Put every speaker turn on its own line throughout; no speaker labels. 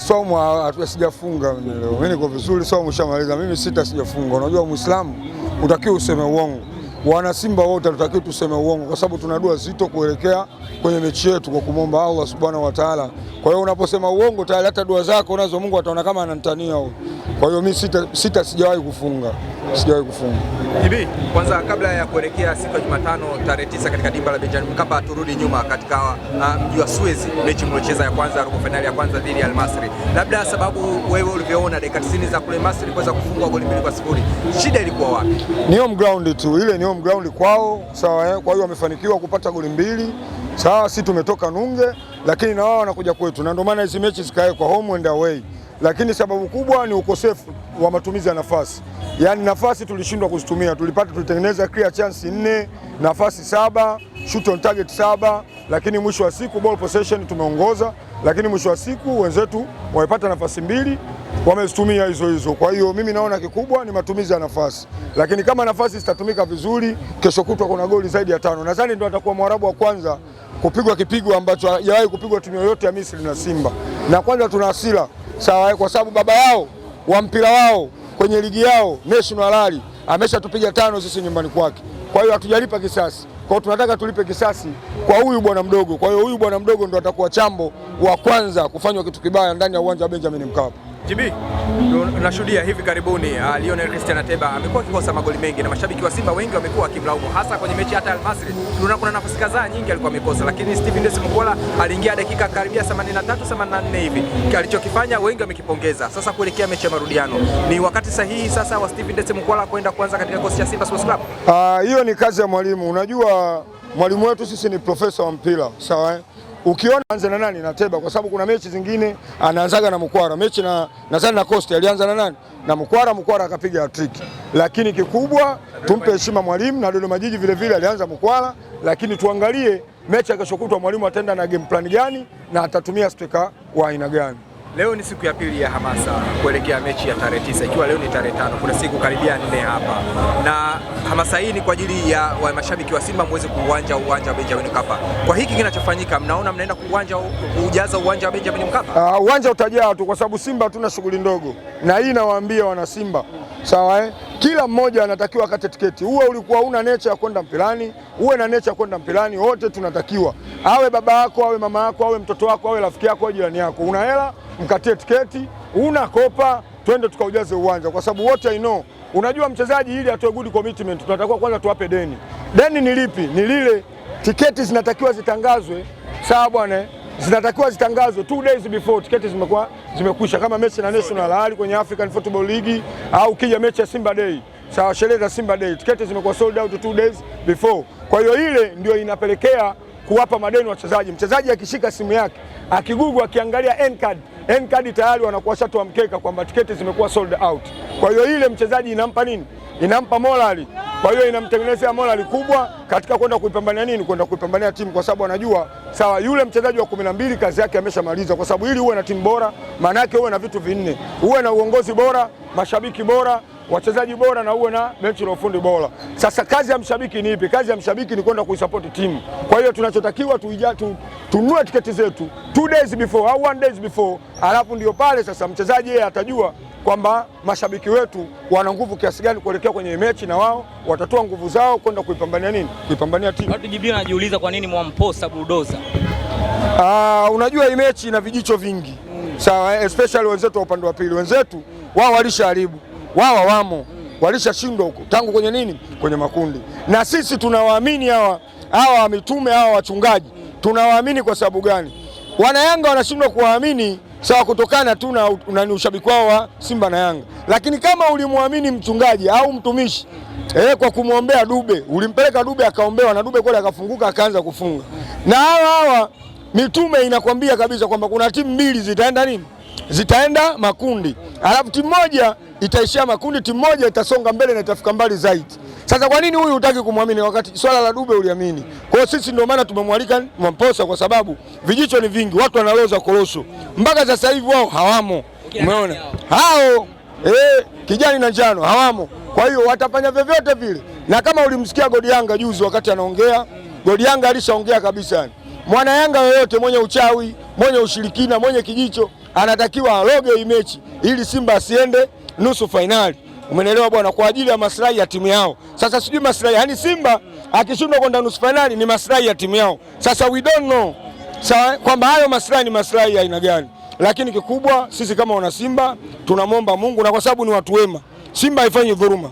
somo sijafunga leo. Mimi niko vizuri, somo shamaliza. Mimi sita sijafunga. Unajua Muislamu utakiwa useme uongo. Wana Simba wote tutakiwa tuseme uongo kwa sababu tuna dua zito kuelekea kwenye mechi yetu kwa kumwomba Allah Subhanahu wa Ta'ala. Kwa hiyo unaposema uongo tayari hata dua zako unazo Mungu ataona kama ananitania. Kwa hiyo mimi sita, sita sijawahi kufunga sijawahi kufunga.
Hivi kwanza, kabla ya kuelekea siku ya Jumatano tarehe tisa katika dimba la Benjamin Mkapa, turudi nyuma katika ah, mji wa Suez, mechi mliocheza ya kwanza, robo fainali ya kwanza dhidi ya Al labda sababu wewe ulivyoona dakika 90 za kule Masri kuweza kufungwa goli mbili kwa sifuri, shida ilikuwa wapi?
Ni home ground tu, ile ni home ground kwao, sawa eh? Kwa hiyo wamefanikiwa kupata goli mbili, sawa, si tumetoka nunge, lakini na wao wanakuja kwetu, na ndio maana hizi mechi zikae kwa home and away lakini sababu kubwa ni ukosefu wa matumizi ya nafasi. Yaani nafasi tulishindwa kuzitumia, tulipata tulitengeneza clear chance nne, nafasi saba, shoot on target saba, lakini mwisho wa siku ball possession tumeongoza, lakini mwisho wa siku wenzetu wamepata nafasi mbili wamezitumia hizo hizo. Kwa hiyo mimi naona kikubwa ni matumizi ya nafasi, lakini kama nafasi zitatumika vizuri, kesho kutwa kuna goli zaidi ya tano. Nadhani ndio atakuwa mwarabu wa kwanza kupigwa kipigo ambacho hajawahi kupigwa timu yoyote ya Misri na Simba, na kwanza tuna hasira sawa, eh, kwa sababu baba yao wa mpira wao kwenye ligi yao national rally ameshatupiga tano sisi nyumbani kwake. Kwa hiyo hatujalipa kisasi, kwa hiyo tunataka tulipe kisasi kwa huyu bwana mdogo. Kwa hiyo huyu bwana mdogo ndo atakuwa chambo wa kwanza kufanywa kitu kibaya ndani ya uwanja wa Benjamin Mkapa
jibi tunashuhudia hivi karibuni uh, Lionel Christian Ateba amekuwa akikosa magoli mengi na mashabiki wa Simba wengi wamekuwa wakimlaumu hasa kwenye mechi hata Al Masry. Tunaona kuna nafasi kadhaa nyingi alikuwa amekosa, lakini Steven Dese Mukwala aliingia dakika karibia 83 84 hivi. Alichokifanya wengi wamekipongeza. Sasa kuelekea mechi ya marudiano, ni wakati sahihi sasa wa Steven Dese Mukwala kwenda kuanza katika kikosi cha Simba Sports Club?
Ah, hiyo ni kazi ya mwalimu. Unajua mwalimu wetu sisi ni profesa wa mpira, sawa eh? ukiona anza na nani na Teba, kwa sababu kuna mechi zingine anaanzaga na Mkwara. Mechi na nadhani na Costa alianza na nani na Mkwara, Mkwara akapiga hattrick. Lakini kikubwa tumpe heshima mwalimu, na Dodoma Jiji vile vile alianza Mkwara, lakini tuangalie mechi ya kesho kutwa mwalimu ataenda na game plan gani na atatumia steka wa aina gani.
Leo ni siku ya pili ya hamasa kuelekea mechi ya tarehe tisa ikiwa leo ni tarehe tano, kuna siku karibia nne hapa, na hamasa hii ni kwa ajili ya wa mashabiki wa Simba muweze kuuanja uwanja wa Benjamin Mkapa. Kwa hiki kinachofanyika, mnaona mnaenda kuuanja kujaza uwanja wa Benjamin Mkapa.
Uh, uwanja utajaa tu kwa sababu Simba hatuna shughuli ndogo, na hii nawaambia wana Simba sawa eh? Kila mmoja anatakiwa akate tiketi. Uwe ulikuwa una necha ya kwenda mpilani, uwe na necha ya kwenda mpilani, wote tunatakiwa, awe baba yako, awe mama yako, awe mtoto wako, awe rafiki yako, awe jirani yako, una hela mkatie tiketi, una kopa, twende tukaujaze uwanja, kwa sababu wote I know, unajua mchezaji ili atoe good commitment tunatakiwa kwanza tuwape deni. Deni ni lipi? Ni lile tiketi zinatakiwa zitangazwe, sawa bwana, zinatakiwa zitangazwe two days before tiketi zimekuwa zimekwisha, kama mechi na National Al kwenye African Football League au kija mechi ya Simba Day sawa, sherehe za Simba Day, tiketi zimekuwa sold out two days before. Kwa hiyo ile ndio inapelekea kuwapa madeni wachezaji. Mchezaji akishika simu yake akigugu, akiangalia N card n yaani tayari wanakuwa shatoa mkeka kwamba tiketi zimekuwa sold out. Kwa hiyo ile mchezaji inampa nini? Inampa morali, kwa hiyo inamtengenezea morali kubwa katika kwenda kuipambania nini, kwenda kuipambania timu, kwa sababu anajua sawa, yule mchezaji wa kumi na mbili kazi yake ameshamaliza, kwa sababu ili uwe na timu bora, maana yake uwe na vitu vinne: uwe na uongozi bora, mashabiki bora wachezaji bora na uwe na benchi la ufundi bora. Sasa kazi ya mshabiki ni ipi? Kazi ya mshabiki ni kwenda kuisapoti timu. Kwa hiyo tunachotakiwa tuija tu, tununue tiketi zetu two days before au one days before, alafu ndio pale sasa mchezaji yeye atajua kwamba mashabiki wetu wana nguvu kiasi gani kuelekea kwenye mechi, na wao watatoa nguvu zao kwenda kuipambania nini, kuipambania timu.
Watu jibia anajiuliza kwa nini mwamposa bulldozer.
Ah, unajua hii mechi ina vijicho vingi, sawa, especially wenzetu wa upande wa pili, wenzetu wao walishaharibu wao wamo walishashindwa huko tangu kwenye nini, kwenye makundi. Na sisi tunawaamini hawa hawa mitume hawa wachungaji, tunawaamini kwa sababu gani? Wanayanga wanashindwa kuwaamini sawa, kutokana tu na ushabiki wao wa Simba na Yanga. Lakini kama ulimwamini mchungaji au mtumishi eh, kwa kumwombea Dube, ulimpeleka Dube akaombewa na Dube kule akafunguka akaanza kufunga, na hawa hawa mitume inakwambia kabisa kwamba kuna timu mbili zitaenda nini, zitaenda makundi alafu timu moja itaishia makundi, timu moja itasonga mbele na itafika mbali zaidi. Sasa kwa nini huyu hutaki kumwamini wakati swala la Dube uliamini? Kwa hiyo sisi ndio maana tumemwalika Mwamposa kwa sababu vijicho ni vingi, watu wanaloza korosho mpaka sasa hivi wao hawamo. Umeona hao eh, kijani na njano hawamo, kwa hiyo watafanya vyovyote vile, na kama ulimsikia Godi Yanga juzi wakati anaongea, Godi Yanga alishaongea kabisa, mwana Yanga yoyote mwenye uchawi, mwenye ushirikina, mwenye kijicho anatakiwa aloge hii mechi ili Simba asiende nusu fainali. Umenelewa bwana, kwa ajili ya maslahi ya timu yao. Sasa sijui maslahi, yani Simba akishindwa kwenda nusu fainali ni maslahi ya timu yao. Sasa we don't know sawa, kwamba hayo maslahi ni maslahi ya aina gani, lakini kikubwa sisi kama wana Simba tunamwomba Mungu, na kwa sababu ni watu wema, Simba haifanyi dhuluma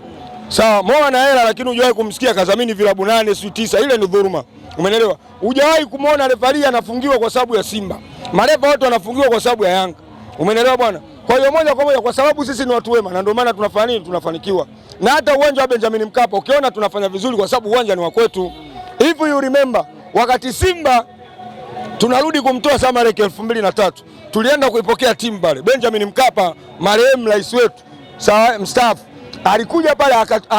sawa. Moa na hela, lakini hujawahi kumsikia kadhamini vilabu nane si tisa, ile ni dhuluma. Umenelewa? Hujawahi kumwona refari anafungiwa kwa sababu ya Simba marefa watu wanafungiwa kwa sababu ya Yanga, umenielewa bwana? Kwa hiyo moja kwa moja, kwa sababu sisi ni watu wema, na ndio maana tunafanya nini, tunafanikiwa. Na hata uwanja wa Benjamin Mkapa ukiona tunafanya vizuri, kwa sababu uwanja ni wa kwetu. If you remember, wakati Simba tunarudi kumtoa Samarek elfu mbili na tatu tulienda kuipokea timu pale Benjamin Mkapa, marehemu rais wetu mstaafu alikuja pale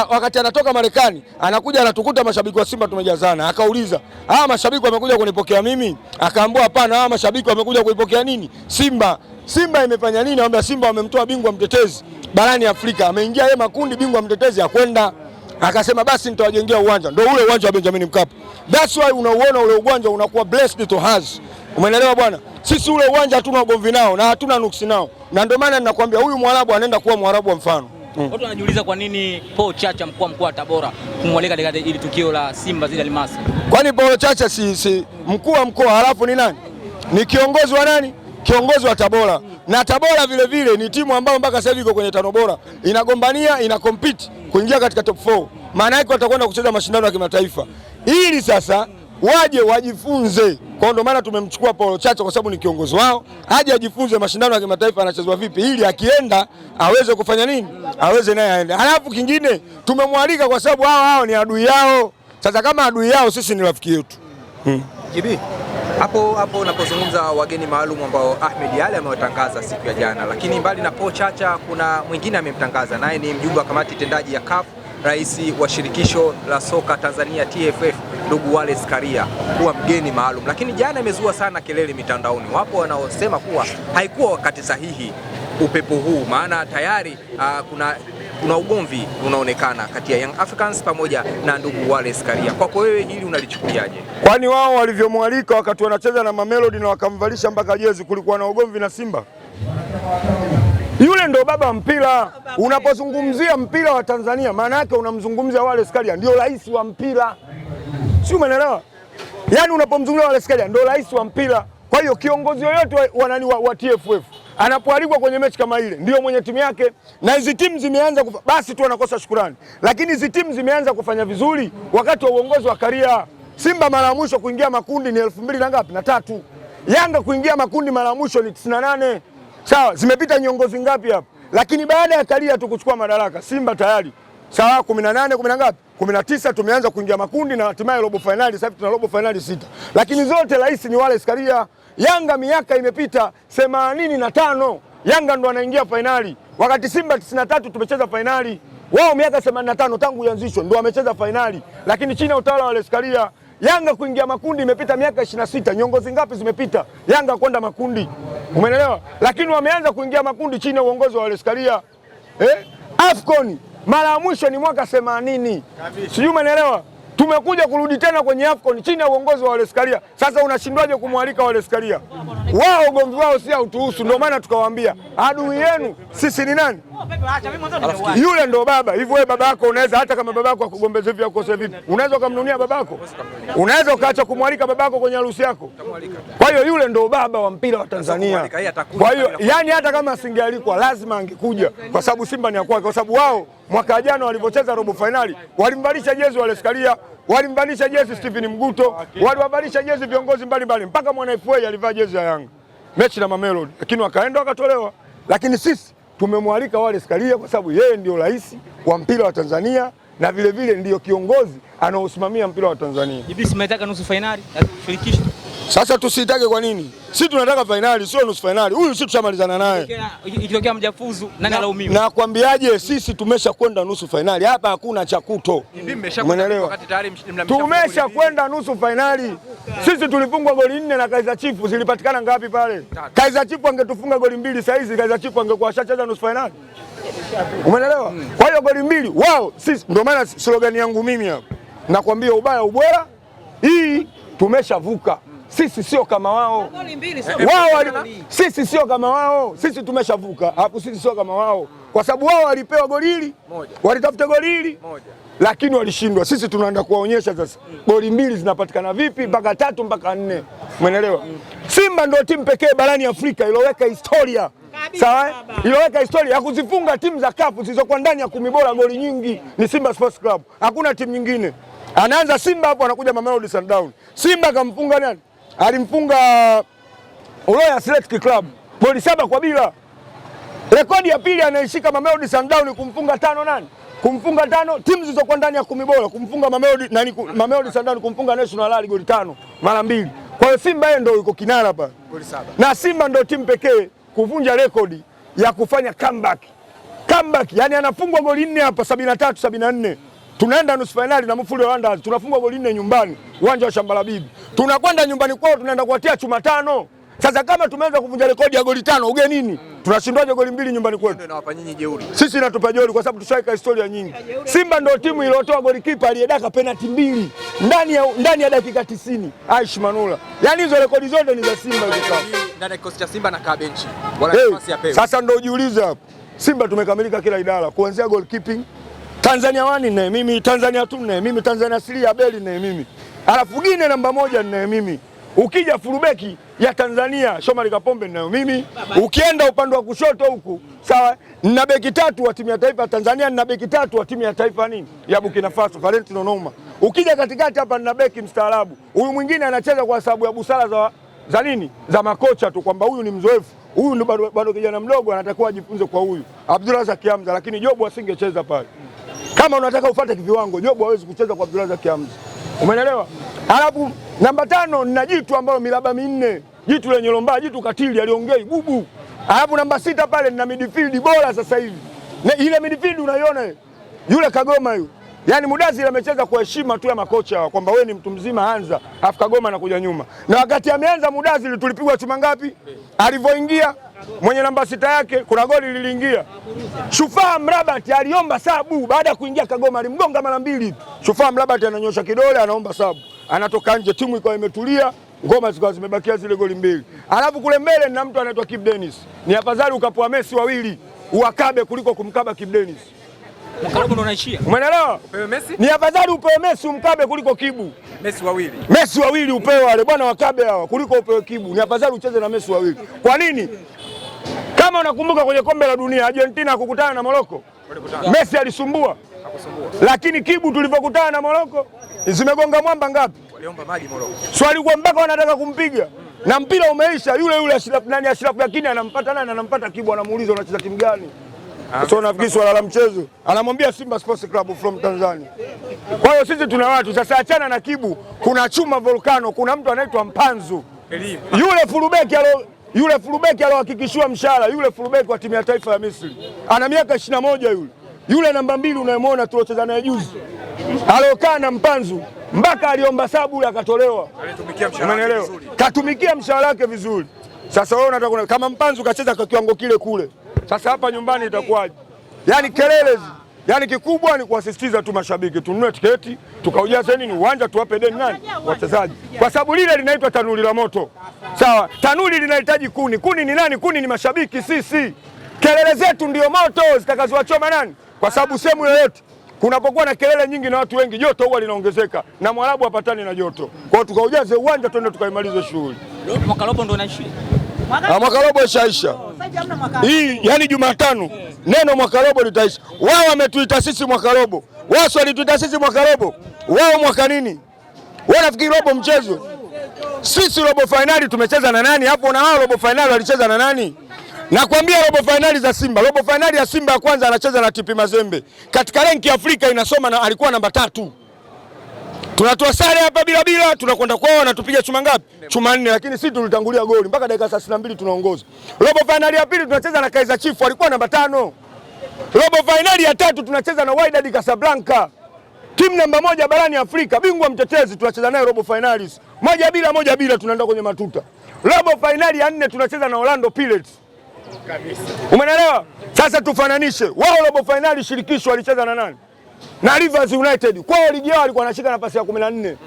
wakati anatoka Marekani, anakuja anatukuta mashabiki wa Simba tumejazana. Akauliza, hawa mashabiki wamekuja kunipokea mimi? Akaambua hapana, hawa mashabiki wamekuja kuipokea nini Simba. Simba imefanya nini? Anambia Simba wamemtoa bingwa mtetezi barani Afrika, ameingia yeye makundi, bingwa mtetezi akwenda akasema basi nitawajengea uwanja, ndio ule uwanja wa Benjamin Mkapa. That's why unauona ule uwanja unakuwa blessed to has. Umeelewa bwana? Sisi ule uwanja hatuna ugomvi nao na hatuna nuksi nao, na ndio maana ninakwambia huyu Mwarabu anaenda kuwa Mwarabu wa mfano
mm. Watu wanajiuliza kwa nini Paul Chacha mkuu mkuu wa Tabora kumwalika katika ile tukio la Simba zile Almasi.
Kwani Paul Chacha si, si mkuu wa mkoa halafu ni nani? Ni kiongozi wa nani? Kiongozi wa Tabora Na Tabora vile vile ni timu ambayo mpaka sasa hivi iko kwenye tano bora, inagombania ina compete kuingia katika top 4. Maana yake watakwenda kucheza mashindano ya kimataifa. Hili sasa waje wajifunze. Kwa ndo maana tumemchukua Paulo Chacha kwa sababu ni kiongozi wao, aje ajifunze mashindano ya kimataifa anachezwa vipi, ili akienda aweze kufanya nini, aweze naye aende. Halafu kingine tumemwalika kwa sababu hao hao ni adui yao. Sasa kama adui yao, sisi ni rafiki yetu
hmm. Hapo hapo unapozungumza wageni maalum ambao Ahmed Ally amewatangaza siku ya jana, lakini mbali na Paulo Chacha kuna mwingine amemtangaza naye, ni mjumbe wa kamati tendaji ya CAF rais wa shirikisho la soka Tanzania TFF ndugu Wallace Karia kuwa mgeni maalum, lakini jana imezua sana kelele mitandaoni. Wapo wanaosema kuwa haikuwa wakati sahihi upepo huu, maana tayari uh, kuna kuna ugomvi unaonekana kati ya Young Africans pamoja na ndugu Wallace Karia. Kwako wewe hili unalichukuliaje?
Kwani wao walivyomwalika wakati wanacheza na Mamelodi na wakamvalisha mpaka jezi, kulikuwa na ugomvi na Simba? baba wa mpira. Unapozungumzia mpira wa Tanzania, maana yake unamzungumzia Wallace Karia, ndio rais wa mpira, si umeelewa? Yaani unapomzungumzia Wallace Karia ndio rais wa mpira. Kwa hiyo kiongozi yoyote wa, wa, wa, wa TFF anapoalikwa kwenye mechi kama ile, ndio mwenye timu yake, na hizi timu zimeanza kufa, basi tu anakosa shukurani, lakini hizi timu zimeanza kufanya vizuri wakati wa uongozi wa Karia. Simba mara ya mwisho kuingia makundi ni elfu mbili na ngapi na tatu. Yanga kuingia makundi mara ya mwisho ni 98. Sawa, zimepita nyongozi ngapi hapo? Lakini baada ya Karia tu kuchukua madaraka, Simba tayari nane 18 na ngapi? 19 tumeanza kuingia makundi na hatimaye robo finali. Sasa tuna robo finali sita, lakini zote rais ni wale Skaria. Yanga miaka imepita themanini na tano Yanga ndo anaingia fainali, wakati Simba 93 tumecheza fainali. Wao miaka 85 tangu ianzishwe ndo wamecheza fainali, lakini chini ya utawala wa Skaria Yanga kuingia makundi imepita miaka ishirini na sita. Nyongozi ngapi zimepita Yanga kwenda makundi? Umeelewa? Lakini wameanza kuingia makundi chini ya uongozi wa waleskaria Eh? Afcon mara ya mwisho ni mwaka 80. Sijui umeelewa? Tumekuja kurudi tena kwenye Afcon chini ya uongozi wa waleskaria Sasa unashindwaje kumwalika waleskaria wao ugomvi wao si hautuhusu. Ndio maana tukawaambia adui yenu sisi ni nani? Yule ndo baba. Hivyo wewe baba yako unaweza, hata kama baba yako akugombeze vipi, kosa vipi, unaweza ukamnunia yako? unaweza ukaacha kumwalika baba yako kwenye harusi yako. Kwa hiyo yule ndo baba wa mpira wa Tanzania. Kwa hiyo yani, hata kama asingealikwa lazima angekuja, kwa sababu Simba ni ya kwake, kwa sababu wao mwaka jana walivyocheza robo fainali walimvalisha jezi wale Skaria Walimvalisha jezi eh, Stephen Mguto, waliwavalisha jezi viongozi mbalimbali, mpaka mwana FA alivaa jezi ya Yanga mechi na Mamelodi, lakini wakaenda wakatolewa. Lakini sisi tumemwalika Wallace Karia kwa sababu yeye ndio rais wa mpira wa Tanzania na vilevile ndiyo kiongozi anaosimamia mpira wa Tanzania.
Hivi simetaka nusu fainali shirikisho
sasa tusitake kwa nini? Si tunataka fainali, sio nusu fainali. Huyu si tushamalizana naye.
Ikitokea mjafuzu nani alaumiwa?
Na nakwambiaje, sisi tumesha kwenda nusu fainali, hapa hakuna kuto. Umeelewa? Tumesha kwenda nusu fainali. Sisi tulifungwa goli nne na kaiza Chifu, zilipatikana ngapi pale? kaiza Chifu angetufunga goli mbili saa hizi Kaiza Chifu angekuwa ashacheza nusu fainali. Umeelewa? Kwa hiyo goli mbili wao sisi, ndio maana slogan yangu mimi hapa nakwambia, ubaya ubwela, hii tumeshavuka. Sisi sio kama wao, wao sisi sio kama wao, sisi tumeshavuka hapo. Sisi sio kama wao, kwa sababu wao walipewa goli hili, walitafuta goli hili, lakini walishindwa. Sisi tunaenda kuwaonyesha sasa goli mbili zinapatikana vipi, mpaka tatu mpaka nne. Umeelewa? Simba ndio timu pekee barani Afrika iloweka historia sawa, iloweka historia ya kuzifunga timu za kafu zilizokuwa ndani ya kumi bora goli nyingi ni Simba Sports Club. Hakuna timu nyingine. Anaanza Simba hapo, anakuja Mamelodi Sundowns. Simba kamfunga nani? alimfunga Royal Athletic Club goli saba kwa bila. Rekodi ya pili anaishika Mamelodi Sundowns kumfunga tano nani? Kumfunga tano timu zilizokuwa ndani ya kumi bora kumfunga Mamelodi nani, Mamelodi Sundowns kumfunga National Rally goli tano mara mbili. Kwa hiyo Simba yeye ndio yuko kinara hapa. Goli saba. Na Simba ndio timu pekee kuvunja rekodi ya kufanya comeback. Comeback, yani anafungwa goli nne hapa 73 74. Tunaenda nusu finali na Mufuli wa Wanderers tunafungwa goli nne nyumbani uwanja wa Shambala Bibi tunakwenda nyumbani kwao tunaenda kuwatia chuma tano. Sasa kama tumeweza kuvunja rekodi ya goli tano ugenini, mm. tunashindwaje goli mbili nyumbani kwetu? Sisi natupa jeuri kwa sababu tushaika historia nyingi. Simba ndio timu iliyotoa goli kipa aliyedaka penalti mbili ndani ya, ndani ya dakika 90 Aish Manula, yaani hizo rekodi zote ni za Simba
hizo sasa. Hey,
sasa ndio ujiulize hapo. Simba tumekamilika kila idara kuanzia goalkeeping Tanzania wani ne mimi Tanzania tu ne mimi Tanzania siri ya beli ne mimi Alafu gine namba moja ninayo mimi. Ukija furubeki ya Tanzania Shomari Kapombe ninayo mimi. Ukienda upande wa kushoto huku, sawa, nina beki tatu wa timu ya taifa ya Tanzania, nina beki tatu wa timu ya taifa nini ya Burkina Faso, Valentino Noma. Ukija katikati hapa nina beki mstaarabu. Huyu mwingine anacheza kwa sababu ya busara za za nini za makocha tu, kwamba huyu ni mzoefu, huyu ndo bado, bado kijana mdogo, anatakiwa ajifunze kwa huyu Abdulrazak Hamza, lakini Jobu asingecheza pale. Kama unataka ufuate kiviwango, Jobu hawezi kucheza kwa Abdulrazak Hamza. Umenelewa? Alafu namba tano nina jitu ambalo miraba minne, jitu lenye lomba, jitu katili aliongea bubu. Alafu namba sita pale nina midfield bora sasa hivi. Ile midfield unaiona yule Kagoma yule. Yaani Mudazili amecheza kwa heshima tu ya makocha hawa kwamba wewe ni mtu mzima anza, afu Kagoma anakuja nyuma. Na wakati ameanza Mudazili tulipigwa chuma ngapi? Alivyoingia mwenye namba sita yake kuna goli liliingia. Shufaa Mrabat aliomba sabu baada ya kuingia Kagoma, alimgonga mara mbili. Shufaa Mrabat ananyosha kidole, anaomba sabu, anatoka nje, timu ikawa imetulia, ngoma zikawa zimebakia zile goli mbili. Alafu kule mbele na mtu anaitwa Kip Dennis. Ni afadhali ukapoa Messi wawili uwakabe kuliko kumkaba Kip Dennis. Mkarabu Umeelewa? Upewe Messi? Ni afadhali upewe Messi umkabe kuliko kibu. Messi wawili. Messi wawili upewe wale bwana wakabe hawa kuliko upewe kibu. Ni afadhali ucheze na Messi wawili. Kwa nini? Kama unakumbuka kwenye kombe la dunia Argentina kukutana na Morocco. Messi alisumbua. Hakusumbua. Lakini kibu tulivyokutana na Morocco zimegonga mwamba ngapi? Waliomba maji Morocco. Swali kwa mpaka wanataka kumpiga. Na mpira umeisha, yule yule Ashraf nani Ashraf, lakini anampata nani? Anampata kibu, anamuuliza unacheza timu gani? Sio nafikiri swala la mchezo anamwambia Simba Sports Club from Tanzania. Kwa hiyo sisi tuna watu sasa, achana na Kibu, kuna chuma volcano, kuna mtu anaitwa Mpanzu yule fulubeki alo yule fulubeki alohakikishiwa mshahara yule fulubeki wa timu ya taifa ya Misri ana miaka 21 moja yule yule namba mbili unayemwona tuliocheza naye juzi aliokaa na Mpanzu mpaka aliomba sabu yule akatolewa, vizuri. Katumikia mshahara wake vizuri. Sasa wewe unataka kama Mpanzu kacheza kwa kiwango kile kule sasa hapa nyumbani itakuwaje? Yaani kelele yaani kikubwa ni kuwasisitiza tu mashabiki tununue tiketi tukaujaze nini uwanja tuwape deni nani wachezaji, kwa sababu lile linaitwa tanuri la moto. Sawa, tanuri linahitaji kuni. Kuni ni nani? Kuni ni mashabiki sisi. Kelele zetu ndio moto zitakazowachoma nani, kwa sababu sehemu yoyote kunapokuwa na kelele nyingi na watu wengi, joto huwa linaongezeka na mwarabu hapatani na joto. Kwa hiyo tukaujaze uwanja, twende tukaimalize shughuli.
Mwaka ndo naishi
na ah, mwaka robo ishaisha oh, hii, yani Jumatano neno mwaka robo litaisha. Wao wametuita sisi mwaka robo, wao walituita sisi mwaka robo, wao mwaka nini? Wao nafikiri robo mchezo. Sisi robo fainali tumecheza na nani hapo? Na wao robo fainali walicheza na nani? Nakwambia robo fainali za Simba, robo fainali ya Simba ya kwanza anacheza na TP Mazembe katika renki ya Afrika inasoma na alikuwa namba tatu tunatoa sare hapa bila bila, tunakwenda kwao, wanatupiga chuma ngapi? Chuma nne, lakini sisi tulitangulia goli mpaka dakika 32 tunaongoza. Robo finali ya pili tunacheza na Kaizer Chiefs, walikuwa namba tano. Robo finali ya tatu tunacheza na Wydad Casablanca, timu namba moja barani Afrika, bingwa mtetezi, tunacheza naye robo finali moja bila moja bila, tunaenda kwenye matuta. Robo finali ya nne tunacheza na Orlando Pirates kabisa, umeelewa? Sasa tufananishe wao, robo finali shirikisho walicheza na nani? na Rivers United Kwa hiyo ligi yao alikuwa anashika nafasi ya 14. Mm.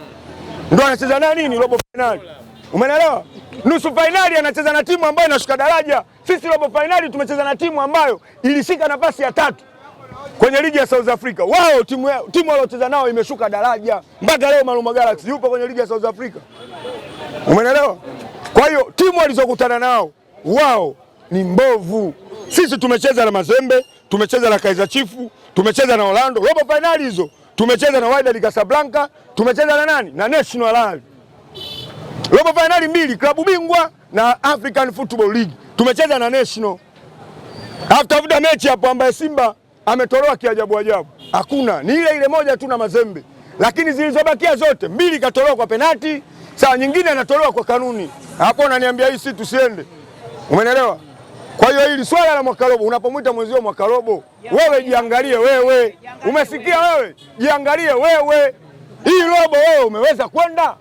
Ndio anacheza na nini robo finali. Umeelewa? Nusu finali anacheza na timu ambayo inashuka daraja. Sisi robo finali tumecheza na timu ambayo ilishika nafasi ya tatu kwenye ligi ya South Africa. Wao timu timu waliocheza nao imeshuka daraja. Mpaka leo Maluma Galaxy yupo kwenye ligi ya South Africa. Umeelewa? Kwa hiyo timu walizokutana nao wao ni mbovu. Sisi tumecheza na Mazembe, tumecheza na Kaizer Chiefs, tumecheza na Orlando robo finali hizo, tumecheza na Wydad Casablanca, tumecheza na nani na National Al robo finali mbili klabu bingwa na African Football League tumecheza na National. After mechi hapo ambaye Simba ametolewa kiajabu ajabu, hakuna ni ile ile moja tu na Mazembe, lakini zilizobakia zote mbili katolewa kwa penati, saa nyingine anatolewa kwa kanuni. Hapo unaniambia hii si tusiende, umenelewa? Kwa hiyo hili swala la mwaka robo, unapomwita mwenzio mwaka robo, wewe jiangalie wewe. Umesikia wewe? Jiangalie wewe. Hii robo wewe umeweza kwenda?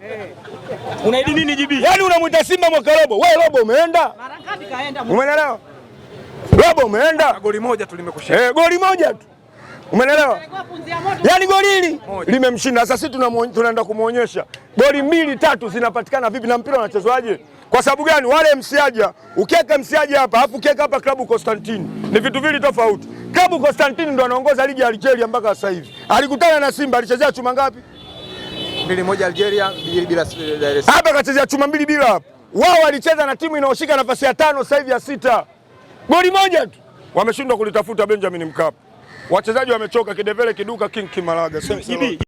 Unaidi nini jibi?
Yaani unamwita Simba mwaka robo, wewe robo umeenda? Mara ngapi kaenda? Umeelewa? Robo umeenda?
Goli moja tu limekushinda.
Eh, goli moja tu. Umeelewa? Yaani goli hili limemshinda. Sasa sisi tunaenda kumwonyesha goli mbili tatu zinapatikana vipi na mpira unachezwaje? Kwa sababu gani? Wale msiaja, ukiweka msiaja hapa afu ukiweka hapa klabu Constantine ni vitu vili tofauti. Klabu Constantine ndo anaongoza ligi ya Algeria mpaka sasa hivi. Alikutana na Simba, alichezea chuma ngapi?
Mbili moja Algeria, mbili bila Dar
es Salaam. Hapa kachezea chuma mbili bila hapa. Wao walicheza na timu inayoshika nafasi ya tano sasa hivi ya sita. Goli moja tu. Wameshindwa kulitafuta Benjamin Mkapa. Wachezaji wamechoka, kidevele kiduka, king kimalaga.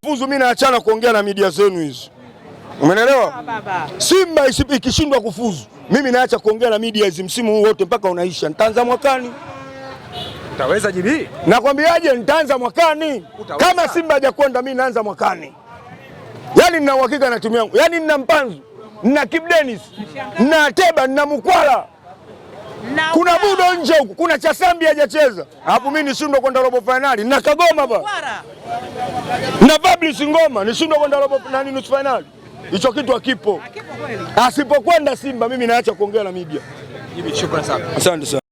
Fuzu, mimi naachana kuongea na media zenu hizi. Umenelewa? Simba ikishindwa kufuzu, mimi naacha kuongea na media hizi msimu huu wote mpaka unaisha. Nitaanza mwakani.
Utaweza jibi?
Nakwambiaje, nitaanza mwakani. Utaweza? Kama Simba hajakwenda mimi naanza mwakani. Yaani nina uhakika na timu yangu. Yaani nina Mpanzu, nina Kip Dennis, nina Ateba, nina Mkwala. Kuna budo nje huko, kuna chasambi hajacheza, hapo, mimi nishindwa kwenda robo fainali na Kagoma hapa na Fabrice Ngoma nishindwa kwenda robo nani nusu finali hicho kitu hakipo. Asipokwenda Simba, mimi naacha kuongea na media. Asante sana.